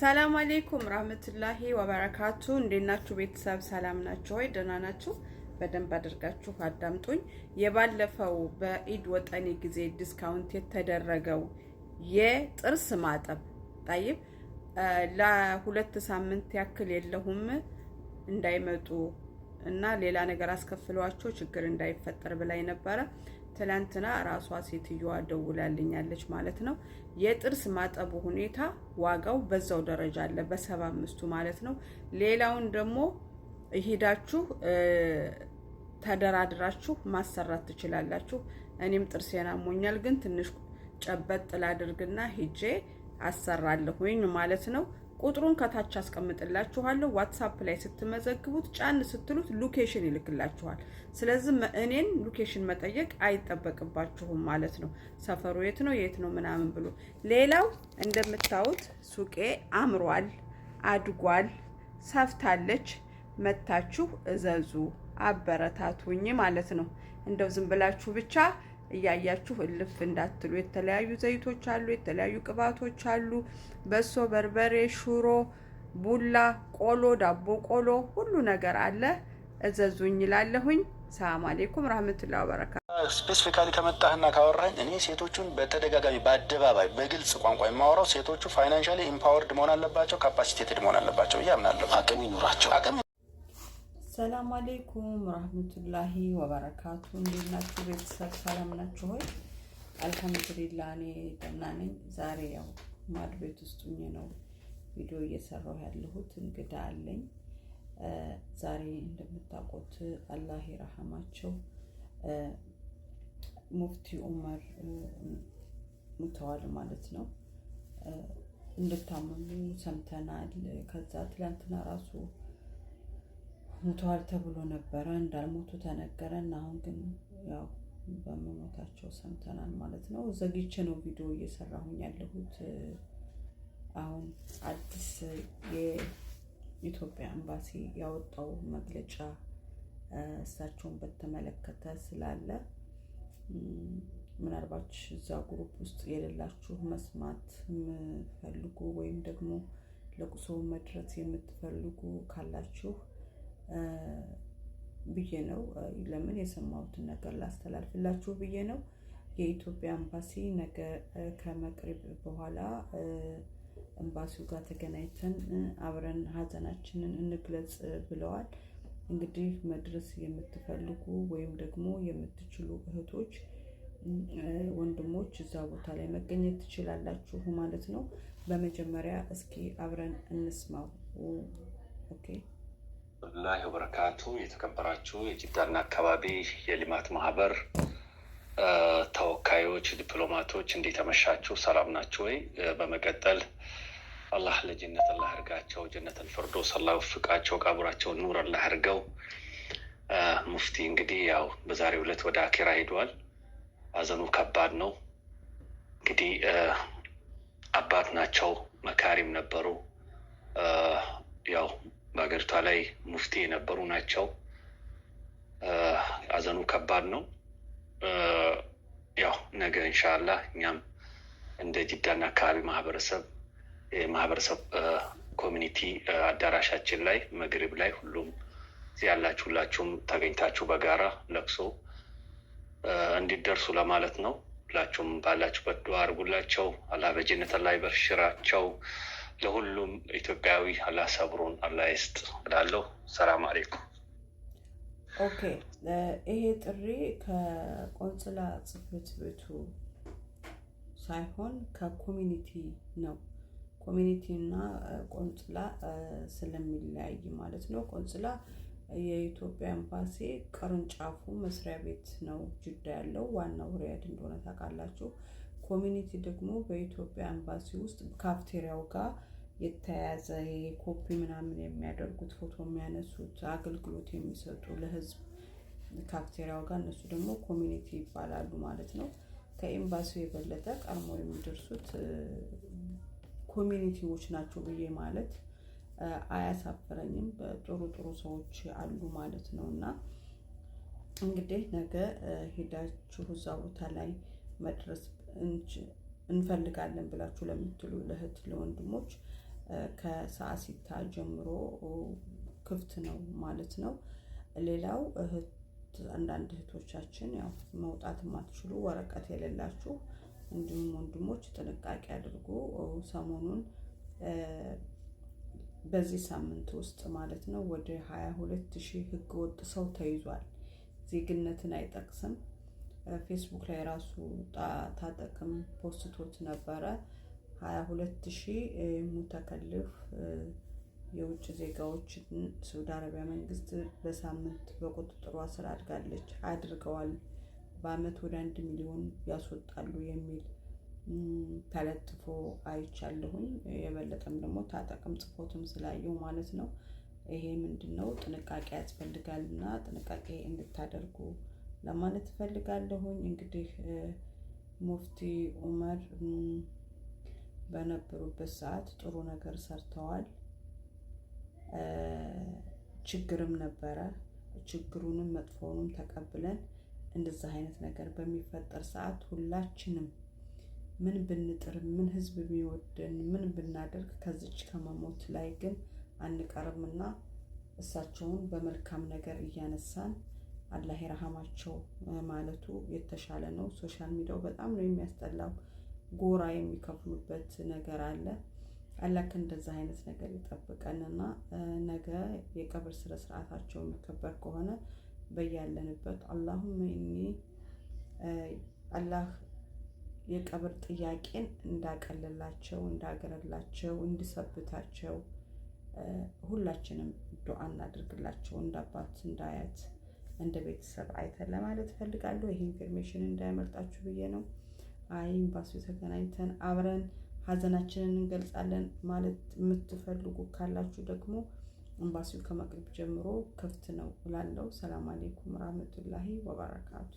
ሰላም አሌይኩም ራህመቱላሂ ወበረካቱ። እንዴት ናችሁ ቤተሰብ? ሰላም ናችሁ ወይ? ደህና ናችሁ? በደንብ አድርጋችሁ አዳምጡኝ። የባለፈው በኢድ ወጠኔ ጊዜ ዲስካውንት የተደረገው የጥርስ ማጠብ ጣይብ ለሁለት ሳምንት ያክል የለሁም እንዳይመጡ እና ሌላ ነገር አስከፍሏቸው ችግር እንዳይፈጠር ብላይ ነበረ። ትላንትና ራሷ ሴትዮዋ ደውላልኛለች ማለት ነው። የጥርስ ማጠቡ ሁኔታ ዋጋው በዛው ደረጃ አለ በሰባ አምስቱ ማለት ነው። ሌላውን ደግሞ ሂዳችሁ ተደራድራችሁ ማሰራት ትችላላችሁ። እኔም ጥርሴን አሞኛል፣ ግን ትንሽ ጨበጥ ላድርግና ሂጄ አሰራለሁኝ ማለት ነው። ቁጥሩን ከታች አስቀምጥላችኋለሁ። ዋትሳፕ ላይ ስትመዘግቡት ጫን ስትሉት ሎኬሽን ይልክላችኋል። ስለዚህ እኔን ሎኬሽን መጠየቅ አይጠበቅባችሁም ማለት ነው። ሰፈሩ የት ነው የት ነው ምናምን ብሎ። ሌላው እንደምታዩት ሱቄ አምሯል፣ አድጓል፣ ሰፍታለች። መታችሁ እዘዙ፣ አበረታቱኝ ማለት ነው። እንደው ዝም ብላችሁ ብቻ እያያችሁ እልፍ እንዳትሉ። የተለያዩ ዘይቶች አሉ፣ የተለያዩ ቅባቶች አሉ። በሶ፣ በርበሬ፣ ሹሮ፣ ቡላ፣ ቆሎ፣ ዳቦ ቆሎ፣ ሁሉ ነገር አለ። እዘዙኝ ይላለሁኝ። ሰላም አሌይኩም ረህመቱላ በረካ። ስፔሲፊካሊ ከመጣህና ካወራኝ እኔ ሴቶቹን በተደጋጋሚ በአደባባይ በግልጽ ቋንቋ የማወራው ሴቶቹ ፋይናንሻሊ ኢምፓወርድ መሆን አለባቸው፣ ካፓሲቴትድ መሆን አለባቸው እያምናለሁ። አቅም ይኑራቸው። አቅም ሰላም አሌይኩም ረህመቱላሂ ወበረካቱ። እንዴት ናችሁ ቤተሰብ? ሰላም ናችሁ ሆይ? አልሐምዱሊላ እኔ ደህና ነኝ። ዛሬ ያው ማድ ቤት ውስጥ ሁኜ ነው ቪዲዮ እየሰራሁ ያለሁት። እንግዳ አለኝ ዛሬ። እንደምታውቁት አላህ ይረሐማቸው ሙፍቲ ኡመር ሙተዋል ማለት ነው። እንደታመሙ ሰምተናል። ከዛ ትላንትና ራሱ ሙተዋል ተብሎ ነበረ፣ እንዳልሞቱ ተነገረን። አሁን ግን ያው በመሞታቸው ሰምተናል ማለት ነው። ዘግቼ ነው ቪዲዮ እየሰራሁኝ ያለሁት። አሁን አዲስ የኢትዮጵያ ኤምባሲ ያወጣው መግለጫ እሳቸውን በተመለከተ ስላለ ምናልባት እዛ ግሩፕ ውስጥ የሌላችሁ መስማት የምፈልጉ ወይም ደግሞ ለቁሶ መድረስ የምትፈልጉ ካላችሁ ብዬ ነው። ለምን የሰማሁትን ነገር ላስተላልፍላችሁ ብዬ ነው። የኢትዮጵያ ኤምባሲ ነገ ከመቅረብ በኋላ ኤምባሲው ጋር ተገናኝተን አብረን ሀዘናችንን እንግለጽ ብለዋል። እንግዲህ መድረስ የምትፈልጉ ወይም ደግሞ የምትችሉ እህቶች፣ ወንድሞች እዛ ቦታ ላይ መገኘት ትችላላችሁ ማለት ነው። በመጀመሪያ እስኪ አብረን እንስማው። ኦኬ ወላሂ በረካቱ የተከበራችሁ የጅዳና አካባቢ የልማት ማህበር ተወካዮች፣ ዲፕሎማቶች እንዴት አመሻችሁ? ሰላም ናችሁ ወይ? በመቀጠል አላህ ለጀነት አላህ እርጋቸው ጀነትን ፍርዶ ሰላ ፍቃቸው ቃቡራቸውን ኑር አላህ እርገው። ሙፍቲ እንግዲህ ያው በዛሬው ዕለት ወደ አኪራ ሄደዋል። አዘኑ ከባድ ነው። እንግዲህ አባት ናቸው፣ መካሪም ነበሩ ያው በሀገሪቷ ላይ ሙፍቲ የነበሩ ናቸው። አዘኑ ከባድ ነው። ያው ነገ እንሻላ እኛም እንደ ጅዳና አካባቢ ማህበረሰብ የማህበረሰብ ኮሚኒቲ አዳራሻችን ላይ መግሪብ ላይ ሁሉም ያላችሁ ሁላችሁም ተገኝታችሁ በጋራ ለቅሶ እንዲደርሱ ለማለት ነው። ሁላችሁም ባላችሁበት ዱዓ አድርጉላቸው። አላህ በጀነት ላይ በሽራቸው። ለሁሉም ኢትዮጵያዊ አላህ ሰብሩን አላህ ይስጥ እላለሁ። ሰላም አሌኩም። ኦኬ፣ ይሄ ጥሪ ከቆንስላ ጽህፈት ቤቱ ሳይሆን ከኮሚኒቲ ነው። ኮሚኒቲ እና ቆንስላ ስለሚለያይ ማለት ነው። ቆንስላ የኢትዮጵያ ኤምባሲ ቅርንጫፉ መስሪያ ቤት ነው ጅዳ ያለው፣ ዋናው ሪያድ እንደሆነ ታውቃላችሁ። ኮሚኒቲ ደግሞ በኢትዮጵያ ኤምባሲ ውስጥ ካፍቴሪያው ጋር የተያያዘ ኮፒ ምናምን የሚያደርጉት ፎቶ የሚያነሱት አገልግሎት የሚሰጡ ለህዝብ ካፍቴሪያው ጋር እነሱ ደግሞ ኮሚኒቲ ይባላሉ ማለት ነው። ከኤምባሲው የበለጠ ቀድሞ የሚደርሱት ኮሚኒቲዎች ናቸው ብዬ ማለት አያሳፍረኝም። ጥሩ ጥሩ ሰዎች አሉ ማለት ነው እና እንግዲህ ነገ ሄዳችሁ እዛ ቦታ ላይ መድረስ እንፈልጋለን ብላችሁ ለምትሉ ለእህት ለወንድሞች ሲታ ጀምሮ ክፍት ነው ማለት ነው። ሌላው እህት አንዳንድ እህቶቻችን ያው መውጣት የማትችሉ ወረቀት የሌላችሁ እንዲሁም ወንድሞች ጥንቃቄ አድርጉ። ሰሞኑን በዚህ ሳምንት ውስጥ ማለት ነው ወደ ሁለት ሺህ ወጥ ሰው ተይዟል። ዜግነትን አይጠቅስም። ፌስቡክ ላይ ራሱ ታጠቅም ፖስቶት ነበረ። ሀያ ሁለት ሺህ ሙተከልፍ የውጭ ዜጋዎች ሳውዲ አረቢያ መንግስት በሳምንት በቁጥጥሯ ስር አድጋለች አድርገዋል በአመት ወደ አንድ ሚሊዮን ያስወጣሉ የሚል ተለጥፎ አይቻለሁኝ። የበለጠም ደግሞ ታጠቅም ጽፎትም ስላየው ማለት ነው። ይሄ ምንድን ነው ጥንቃቄ ያስፈልጋል እና ጥንቃቄ እንድታደርጉ ለማለት እፈልጋለሁኝ። እንግዲህ ሙፍቲ ኡመር በነበሩበት ሰዓት ጥሩ ነገር ሰርተዋል። ችግርም ነበረ። ችግሩንም መጥፎውንም ተቀብለን እንደዛ አይነት ነገር በሚፈጠር ሰዓት ሁላችንም ምን ብንጥር ምን ህዝብ ቢወደን ምን ብናደርግ ከዚች ከመሞት ላይ ግን አንቀርምና እሳቸውን በመልካም ነገር እያነሳን አላህ የረሃማቸው ማለቱ የተሻለ ነው። ሶሻል ሚዲያው በጣም ነው የሚያስጠላው። ጎራ የሚከፍሉበት ነገር አለ። አላህ ከእንደዛ አይነት ነገር ይጠብቀንና ነገ የቀብር ስነ ስርዓታቸው የሚከበር ከሆነ በያለንበት አላሁመ ኢኒ አላህ የቀብር ጥያቄን እንዳቀለላቸው እንዳገረላቸው እንዲሰብታቸው ሁላችንም ዱዓ እናድርግላቸው እንደ አባት እንዳያት እንደ ቤተሰብ አይተን ለማለት ፈልጋለሁ። ይሄ ኢንፎርሜሽን እንዳያመልጣችሁ ብዬ ነው። አይ ኤምባሲው ተገናኝተን አብረን ሀዘናችንን እንገልጻለን ማለት የምትፈልጉ ካላችሁ ደግሞ ኤምባሲው ከመቅረብ ጀምሮ ክፍት ነው እላለሁ። ሰላም አሌይኩም ራህመቱላሂ ወበረካቱ